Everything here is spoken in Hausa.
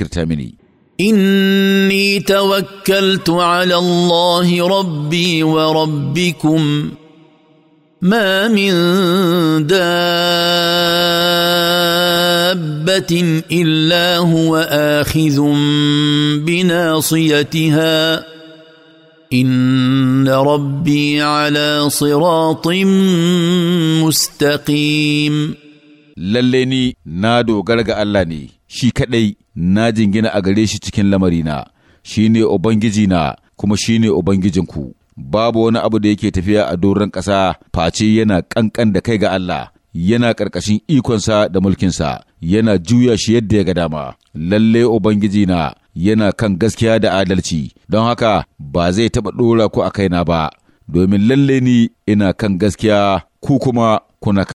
كرتامني إني توكلت على الله ربي وربكم ما من دابة إلا هو آخذ بناصيتها إن ربي على صراط مستقيم lalle ni na dogara ga Allah ne, shi kaɗai na jingina a gare shi cikin lamarina, shi ne na kuma shi ne Ubangijinku. Babu wani abu da yake tafiya a doron ƙasa face yana ƙanƙan da kai ga Allah, yana ƙarƙashin ikonsa da mulkinsa, yana juya shi yadda ya ga dama. Lalle na yana kan gaskiya da adalci, don haka ba zai taɓa ɗora ku a kaina ba, domin lalle ni ina kan gaskiya ku kuma kuna